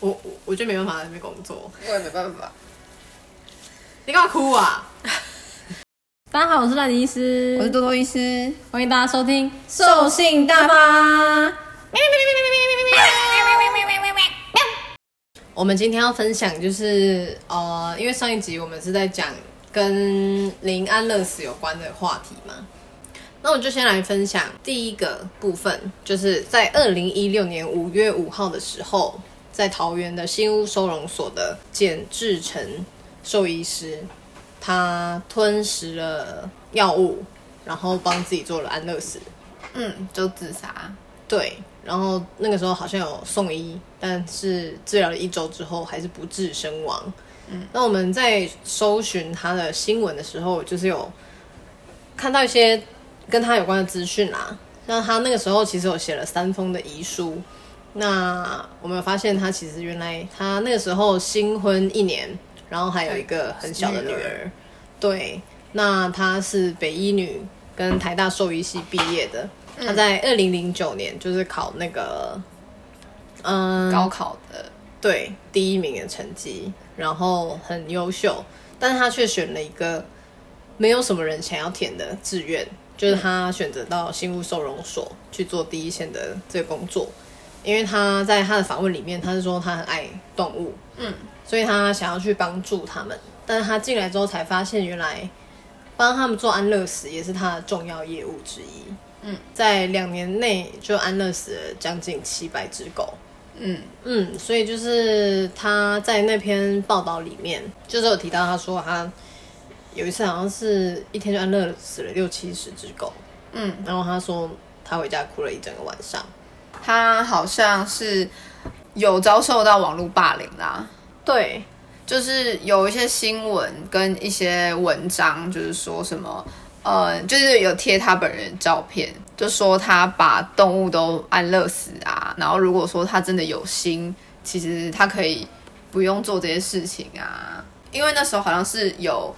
我我就沒辦法在這邊工作，我也沒辦法。 你幹嘛哭啊？ 大家好，我是賴醫師，我是多多醫師。歡迎大家收聽受信《獸性大發》。喵！我們今天要分享就是呃，因為上一集我們是在講跟零安樂死有關的話題嘛，那我就先來分享第一個部分，就是在二零一六年五月五號的時候。在桃園的新屋收容所的簡稚澄獸醫師，他吞食了藥物，然後幫自己做了安樂死。嗯，就自殺。對，然後那個時候好像有送醫，但是治療了一週之後還是不治身亡。嗯，那我們在搜尋他的新聞的時候，就是有看到一些跟他有關的資訊啦。那他那個時候其實有寫了三封的遺書。那我們有發現他其實原來他那個時候新婚一年，然後還有一個很小的女兒。嗯嗯、對，那他是北一女跟台大獸醫系畢業的。他在二零零九年就是考那個嗯高考的，對第一名的成績，然後很優秀，但是他卻選了一個沒有什麼人想要填的志願，就是他選擇到新屋收容所去做第一線的這個工作。因為他在他的訪問裡面，他是說他很愛動物，嗯，所以他想要去幫助他們。但是他進來之後才發現，原來幫他們做安樂死也是他的重要業務之一，嗯，在兩年內就安樂死了將近七百只狗，嗯嗯，所以就是他在那篇報道裡面就是有提到，他說他有一次好像是一天就安樂死了六七十只狗，嗯，然後他說他回家哭了一整個晚上。他好像是有遭受到網絡霸凌啦啊，對，就是有一些新聞跟一些文章，就是說什麼，呃，就是有貼他本人的照片，就說他把動物都安樂死啊，然後如果說他真的有心，其實他可以不用做這些事情啊，因為那時候好像是有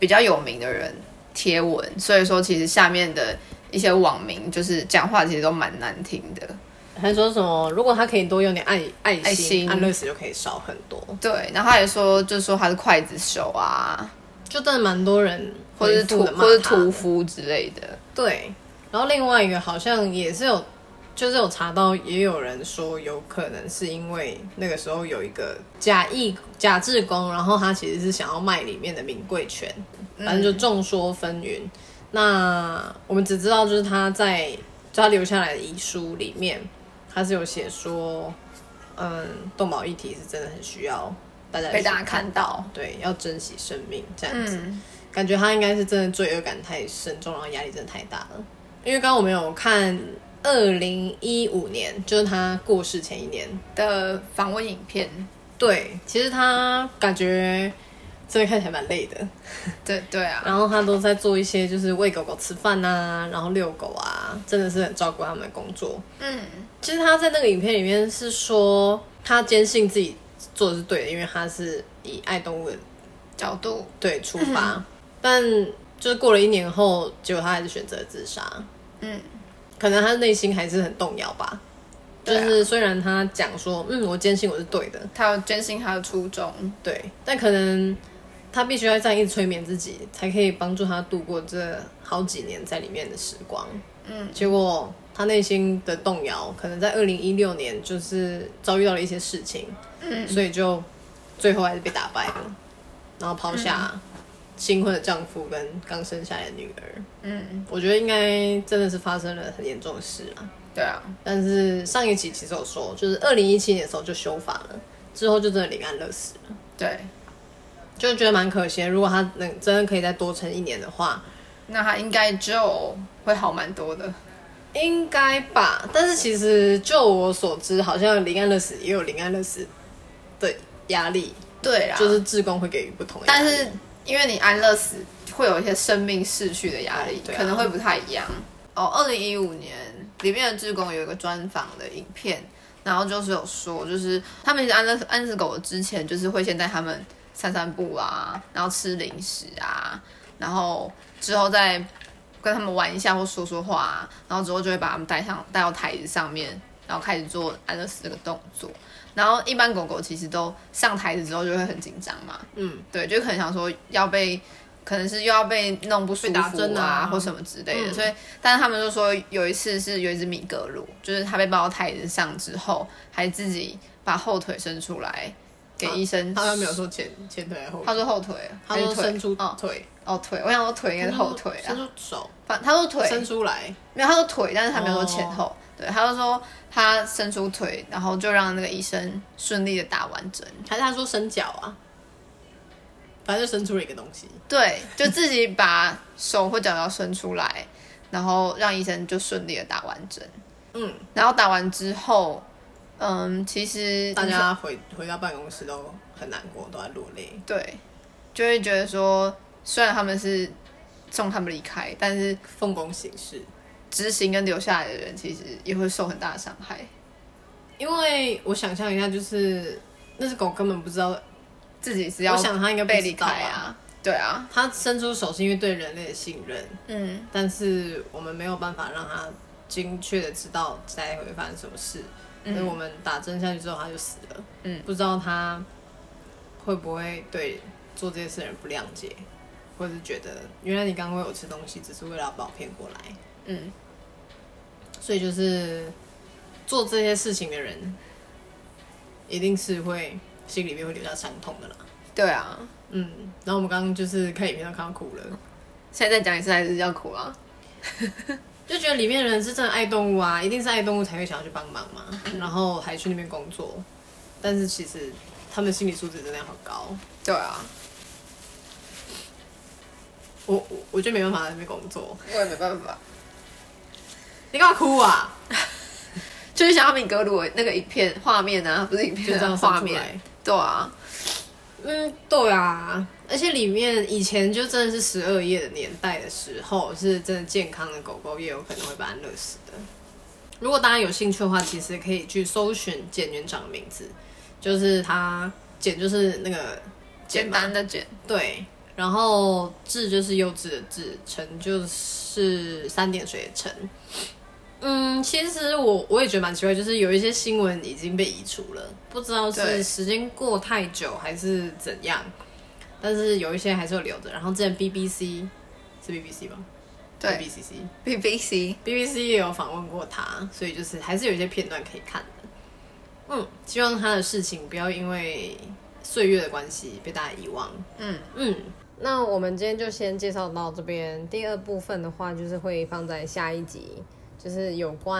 比較有名的人貼文，所以說其實下面的。一些網民就是講話其實都蠻難聽的，還說什麼，如果他可以多用點愛愛心，安樂死就可以少很多。對，然後他也說，就是說他是劊子手啊，就真的蠻多人或者屠或者屠夫之類的。對，然後另外一個好像也是有，就是有查到也有人說有可能是因為那個時候有一個假義假志工，然後他其實是想要賣裡面的名貴犬。嗯，反正就眾說紛紜。那我們只知道，就是他在他留下來的遺書裡面，他是有寫說，嗯，動保議題是真的很需要大家被大家看到，對，要珍惜生命這樣子。嗯。感覺他應該是真的罪惡感太深重，然後壓力真的太大了。因為剛剛我們有看二零一五年，就是他過世前一年的訪問影片。對，其實他感覺。所以看起來蠻累的對，對對啊。然後他都在做一些，就是餵狗狗吃飯啊，然後遛狗啊，真的是很照顧他們的工作。嗯，其實他在那個影片裡面是說，他堅信自己做的是對的，因為他是以愛動物的角度對出發。嗯。但就是過了一年後，結果他還是選擇了自殺。嗯，可能他內心還是很動搖吧。對啊。就是雖然他講說，嗯，我堅信我是對的，他要堅信他的初衷對，但可能。他必須要這樣一直催眠自己，才可以幫助他度過這好幾年在裡面的時光。嗯，結果他內心的動搖，可能在二零一六年就是遭遇到了一些事情，嗯，所以就最後還是被打敗了，然後拋下新婚的丈夫跟剛生下來的女兒。嗯，我覺得應該真的是發生了很嚴重的事了。對啊，但是上一期其實有說，就是二零一七年的時候就修法了，之後就真的零安樂死了。對。就覺得蠻可惜，如果他能真的可以再多撐一年的話，那他應該就會好蠻多的，應該吧。但是其實就我所知，好像零安樂死也有零安樂死的壓力，對，就是志工會給予不同壓力。但是因為你安樂死會有一些生命逝去的壓力，啊，可能會不太一樣。哦、oh,，二零一五年裡面的志工有一個專訪的影片，然後就是有說，就是他們其實安樂死安樂死狗之前就是會先帶他們。散散步啊，然後吃零食啊，然後之後再跟他們玩一下或說說話啊，然後之後就會把他們帶上帶到台子上面，然後開始做安樂死這個動作。然後一般狗狗其實都上台子之後就會很緊張嘛，嗯，對，就很想說要被，可能是又要被弄不舒服啊或什麼之類的，嗯，所以但是他們就說有一次是有一隻米格魯，就是它被抱到台子上之後，還自己把後腿伸出來。給醫生，他沒有說前前腿還是後腿，他說後腿，腿，他說伸出腿，哦，哦腿，我想說腿應該是後腿，伸出手，反他說腿他伸出來，沒有他說腿，但是他沒有說前後、哦，對，他就說他伸出腿，然後就讓那個醫生順利的打完針，還是他說伸腳啊，反正就伸出了一個東西，對，就自己把手或腳要伸出來， 然後讓醫生就順利的打完針，嗯，然後打完之後。嗯，其實大家回回到辦公室都很難過，都在努力。對，就會覺得說，雖然他們是送他們離開，但是奉公行事，執行跟留下來的人其實也會受很大的傷害。因為我想象一下，就是那只狗根本不知道自己是要被離開,、啊啊、開啊。對啊，它伸出手是因為對人類的信任。嗯，但是我們沒有辦法讓它。精確的知道待會會發生什麼事，因、嗯、我們打針下去之後他就死了、嗯，不知道他會不會對做這些事的人不諒解，或者是覺得原來你剛剛餵我吃東西，只是為了把我騙過來。嗯，所以就是做這些事情的人，一定是會心裡面會留下傷痛的啦。對啊，嗯，然後我們剛剛就是看影片都看到哭了，現在再講一次還是要哭啊。 就覺得裡面的人是真的愛動物啊，一定是愛動物才會想要去幫忙嘛，然後還去那邊工作，但是其實他們的心理素質真的好高。對啊，我我就覺得沒辦法在那邊工作，我也沒辦法。你幹嘛哭啊？ 就是想要米格魯那個影片畫面呢、啊，不是影片，就是畫面，對啊。嗯，對啊，而且裡面以前就真的是十二夜的年代的時候，是真的健康的狗狗也有可能會被安樂死的。如果大家有興趣的話，其實可以去搜尋簡園長的名字，就是他簡就是那個剪簡單的簡，對，然後稚就是幼稚的稚，澄就是三點水的澄嗯，其實我我也覺得蠻奇怪，就是有一些新聞已經被移除了，不知道是時間過太久還是怎樣。但是有一些還是有留着。然後之前 BBC 是 BBC 吧？對，BCC，BBC，BBC BBC 也有訪問過他，所以就是還是有一些片段可以看的。嗯，希望他的事情不要因為歲月的關係被大家遺忘。嗯嗯，那我們今天就先介紹到這邊。第二部分的話，就是會放在下一集。就是有關，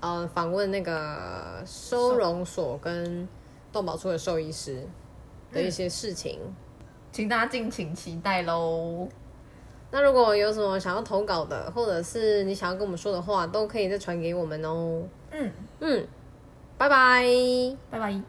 呃，訪問那個收容所跟動保處的獸醫師的一些事情，嗯、請大家敬請期待嘍。那如果有什麼想要投稿的，或者是你想要跟我們說的話，都可以再傳給我們哦。嗯嗯，拜拜，拜拜。